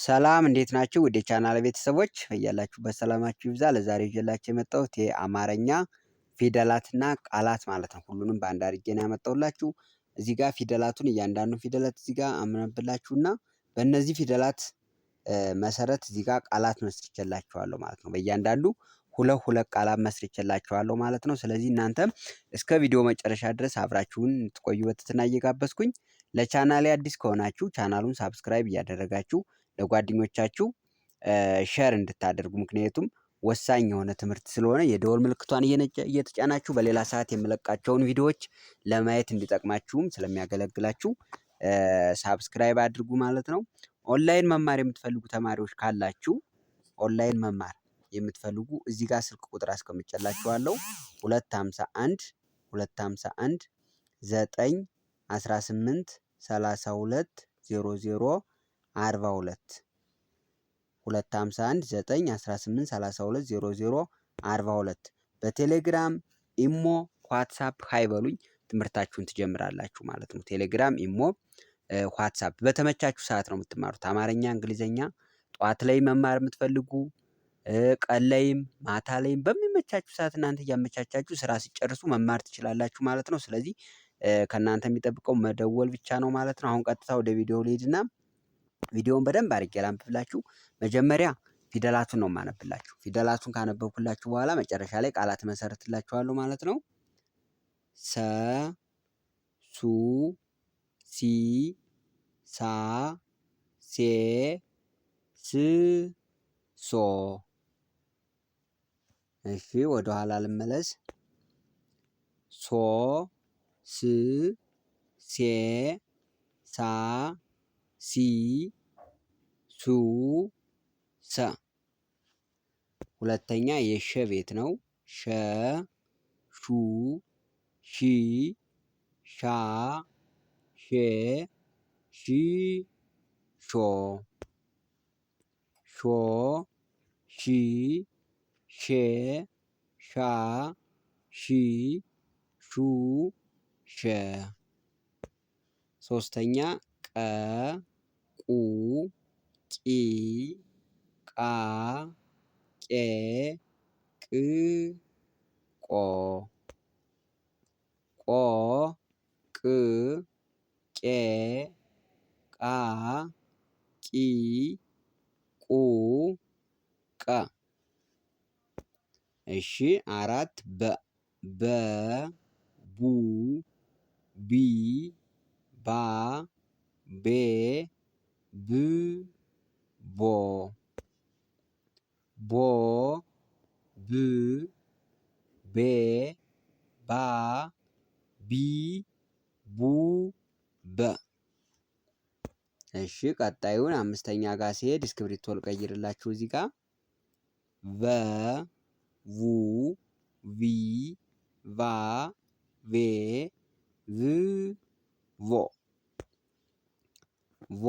ሰላም እንዴት ናችሁ? ወደ ቻናል ቤተሰቦች እያላችሁበት ሰላማችሁ ይብዛ። ለዛሬ ይዤላችሁ የመጣሁት የአማርኛ ፊደላትና ቃላት ማለት ነው። ሁሉንም በአንድ አድርጌ ነው ያመጣሁላችሁ። እዚህ ጋር ፊደላቱን እያንዳንዱ ፊደላት እዚህ ጋር እና በእነዚህ ፊደላት መሰረት እዚህ ጋር ቃላት መስርቼላችኋለሁ ማለት ነው። በእያንዳንዱ ሁለት ሁለት ቃላት መስርቼላችኋለሁ ማለት ነው። ስለዚህ እናንተም እስከ ቪዲዮ መጨረሻ ድረስ አብራችሁን ትቆዩ በትህትና እየጋበዝኩኝ ለቻናሌ አዲስ ከሆናችሁ ቻናሉን ሳብስክራይብ እያደረጋችሁ ለጓደኞቻችሁ ሸር እንድታደርጉ ምክንያቱም ወሳኝ የሆነ ትምህርት ስለሆነ የደወል ምልክቷን እየተጫናችሁ በሌላ ሰዓት የምለቃቸውን ቪዲዮዎች ለማየት እንዲጠቅማችሁም ስለሚያገለግላችሁ ሳብስክራይብ አድርጉ ማለት ነው። ኦንላይን መማር የምትፈልጉ ተማሪዎች ካላችሁ ኦንላይን መማር የምትፈልጉ እዚህ ጋር ስልክ ቁጥር አስቀምጨላችኋለሁ። ሁለት ሀምሳ አንድ ሁለት ሀምሳ አንድ ዘጠኝ አስራ ስምንት ሰላሳ ሁለት ዜሮ ዜሮ አርባ ሁለት ሁለት ሀምሳ አንድ ዘጠኝ አስራ ስምንት ሰላሳ ሁለት ዜሮ ዜሮ አርባ ሁለት በቴሌግራም ኢሞ ዋትሳፕ ሀይበሉኝ ትምህርታችሁን ትጀምራላችሁ ማለት ነው። ቴሌግራም ኢሞ ዋትሳፕ በተመቻችሁ ሰዓት ነው የምትማሩት። አማርኛ፣ እንግሊዘኛ ጠዋት ላይ መማር የምትፈልጉ ቀን ላይም ማታ ላይም በሚመቻችሁ ሰዓት እናንተ እያመቻቻችሁ ስራ ሲጨርሱ መማር ትችላላችሁ ማለት ነው። ስለዚህ ከእናንተ የሚጠብቀው መደወል ብቻ ነው ማለት ነው። አሁን ቀጥታ ወደ ቪዲዮ ልሂድና ቪዲዮውን በደንብ አድርጌ ላንብብላችሁ። መጀመሪያ ፊደላቱን ነው የማነብላችሁ። ፊደላቱን ካነበብኩላችሁ በኋላ መጨረሻ ላይ ቃላት መሰረትላችኋለሁ ማለት ነው። ሰ፣ ሱ፣ ሲ፣ ሳ፣ ሴ፣ ስ፣ ሶ። እሺ ወደኋላ ልመለስ። ሶ፣ ስ፣ ሴ፣ ሳ፣ ሲ ሱ ሰ ሁለተኛ የሸ ቤት ነው። ሸ ሹ ሺ ሻ ሼ ሺ ሾ ሾ ሺ ሼ ሻ ሺ ሹ ሸ ሶስተኛ ቀ ቁ ቂ ቃ ቄ ቅ ቆ ቆ ቅ ቄ ቃ ቂ ቁ ቀ እሺ አራት በ በ ቡ ቢ ባ ቤ ብ ቦ ቦ ብ ቤ ባ ቢ ቡ በ። እሺ ቀጣዩን አምስተኛ ጋር ሲሄድ እስክብሪቶ ልቀይርላችሁ እዚህ ጋር ቨ ቡ ቪ ቫ ቬ ቭ ቮ ቮ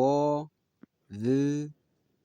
ቭ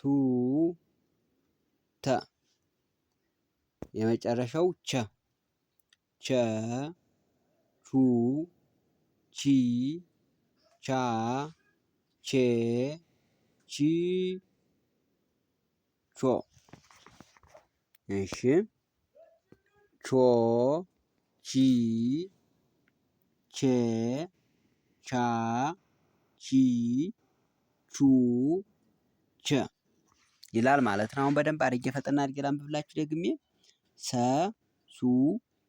ቱ ተ የመጨረሻው ቸ ቸ ቹ ቺ ቻ ቼ ቺ ቾ እሺ ቾ ቺ ቼ ቻ ቺ ቹ ቸ ይላል ማለት ነው። አሁን በደንብ አድርጌ ፈጠን አድርጌ ላንብብላችሁ ደግሜ ሰ ሱ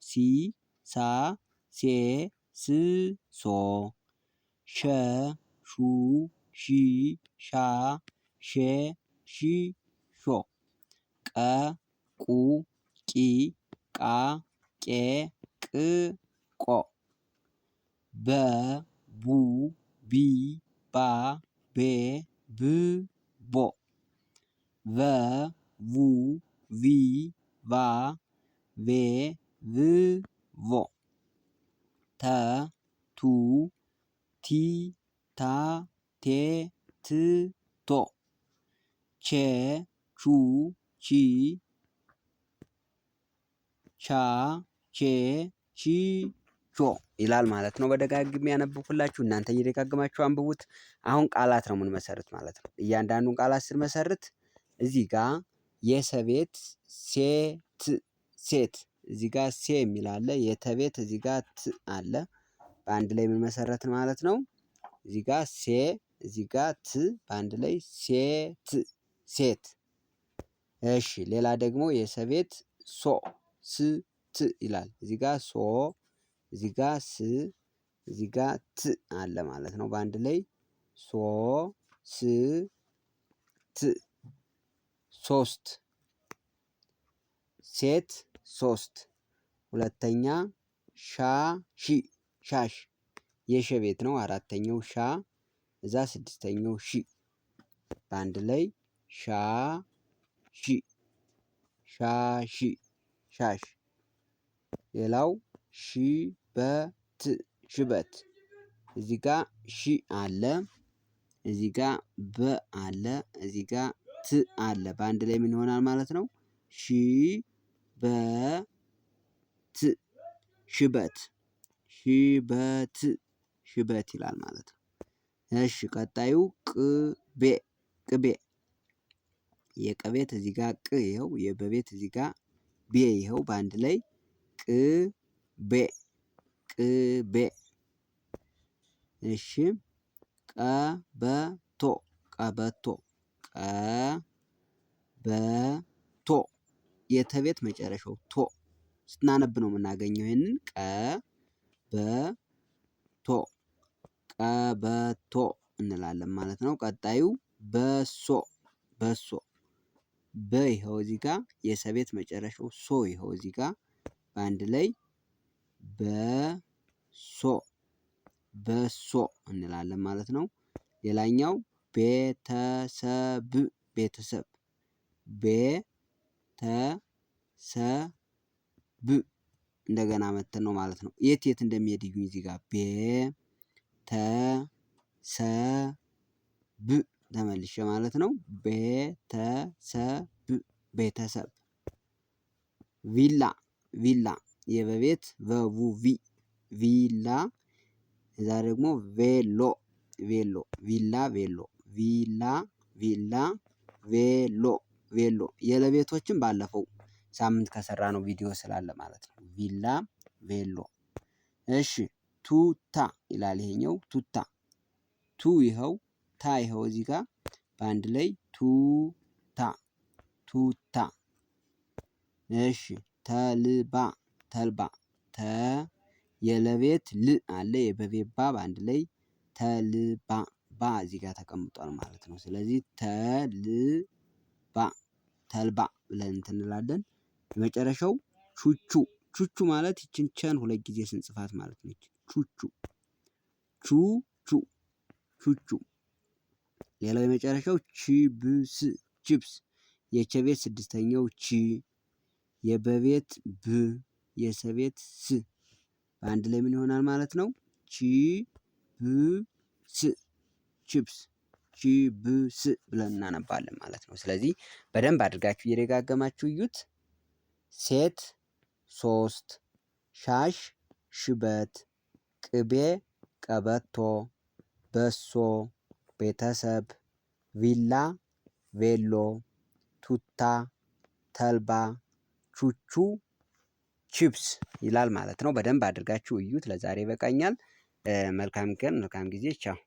ሲ ሳ ሴ ስ ሶ ሸ ሹ ሺ ሻ ሼ ሺ ሾ ቀ ቁ ቂ ቃ ቄ ቅ ቆ በ ቡ ቢ ባ ቤ ብ ቦ ቨ ቡ ቪ ቫ ቬ ቭ ቮ ተ ቱ ቲ ታ ቴ ት ቶ ቼ ቹ ቺ ቻ ቼ ቺ ቾ ይላል ማለት ነው። በደጋግሜ ያነበብኩላችሁ እናንተ እየደጋግማችሁ አንብቡት። አሁን ቃላት ነው የምንመሰርት ማለት ነው። እያንዳንዱን ቃላት ስንመሰርት እዚህ ጋ የሰቤት ሴት ሴት እዚህ ጋ ሴ የሚል አለ። የተቤት እዚህ ጋ ት አለ። በአንድ ላይ የምንመሰረትን ማለት ነው። እዚህ ጋ ሴ እዚህ ጋ ት በአንድ ላይ ሴት ሴት። እሺ ሌላ ደግሞ የሰቤት ሶ ስ ት ይላል። እዚህ ጋ ሶ እዚህ ጋ ስ እዚህ ጋ ት አለ ማለት ነው። በአንድ ላይ ሶ ስ ት ሶስት ሴት ሶስት ሁለተኛ ሻ ሺ ሻሽ የሸ ቤት ነው። አራተኛው ሻ እዛ ስድስተኛው ሺ በአንድ ላይ ሻ ሺ ሻሺ ሻሽ። ሌላው በት ሽበት እዚህ ጋ ሺ አለ እዚህ ጋ በ አለ እዚህ ጋ ት አለ። በአንድ ላይ ምን ይሆናል ማለት ነው? ሺ በ ት ሽበት ሽበት ሽበት ይላል ማለት ነው። እሺ ቀጣዩ ቅቤ ቅቤ የቀቤት እዚህ ጋር ቅ ይኸው የበቤት እዚህ ጋር ቤ ይኸው በአንድ ላይ ቅቤ ቅቤ። እሺ ቀበቶ ቀበቶ ቀበቶ የተቤት መጨረሻው ቶ ስናነብ ነው የምናገኘው። ይህንን ቀበቶ ቀበቶ እንላለን ማለት ነው። ቀጣዩ በሶ በሶ በ ይኸው እዚህ ጋር የሰቤት መጨረሻው ሶ ይኸው እዚህ ጋር በአንድ ላይ በሶ በሶ እንላለን ማለት ነው። ሌላኛው ቤተሰብ ቤተሰብ ቤተሰብ እንደገና መተን ነው ማለት ነው። የት የት እንደሚሄድ እዩኝ እዚህ ጋር ቤተሰብ ተመልሼ ማለት ነው። ቤተሰብ ቤተሰብ ቪላ ቪላ የበቤት በቡ ቪ ቪላ እዛ ደግሞ ቬሎ ቬሎ ቪላ ቬሎ ቪላ ቪላ ቬሎ ቬሎ የለቤቶችን ባለፈው ሳምንት ከሰራ ነው ቪዲዮ ስላለ ማለት ነው። ቪላ ቬሎ። እሺ ቱታ ይላል ይሄኛው ቱታ ቱ ይኸው ታ ይኸው እዚህ ጋር በአንድ ላይ ቱታ ቱታ። እሺ ተልባ ተልባ ተ የለቤት ል አለ የበቤባ በአንድ ላይ ተልባ ባ እዚህ ጋር ተቀምጧል ማለት ነው። ስለዚህ ተልባ ተልባ ብለን እንትንላለን። የመጨረሻው ቹቹ ቹቹ ማለት ይችን ቸን ሁለት ጊዜ ስንጽፋት ማለት ነች። ቹቹ ቹቹ ቹቹ። ሌላው የመጨረሻው ቺብስ ቺፕስ የቸቤት ስድስተኛው ቺ የበቤት ብ የሰቤት ስ በአንድ ላይ ምን ይሆናል ማለት ነው? ቺ ብ ስ ቺፕስ ቺብስ ብለን እናነባለን ማለት ነው። ስለዚህ በደንብ አድርጋችሁ እየደጋገማችሁ እዩት። ሴት ሶስት፣ ሻሽ ሽበት፣ ቅቤ ቀበቶ፣ በሶ ቤተሰብ፣ ቪላ ቬሎ፣ ቱታ ተልባ፣ ቹቹ ቺፕስ ይላል ማለት ነው። በደንብ አድርጋችሁ እዩት። ለዛሬ ይበቃኛል። መልካም ቀን፣ መልካም ጊዜ። ቻው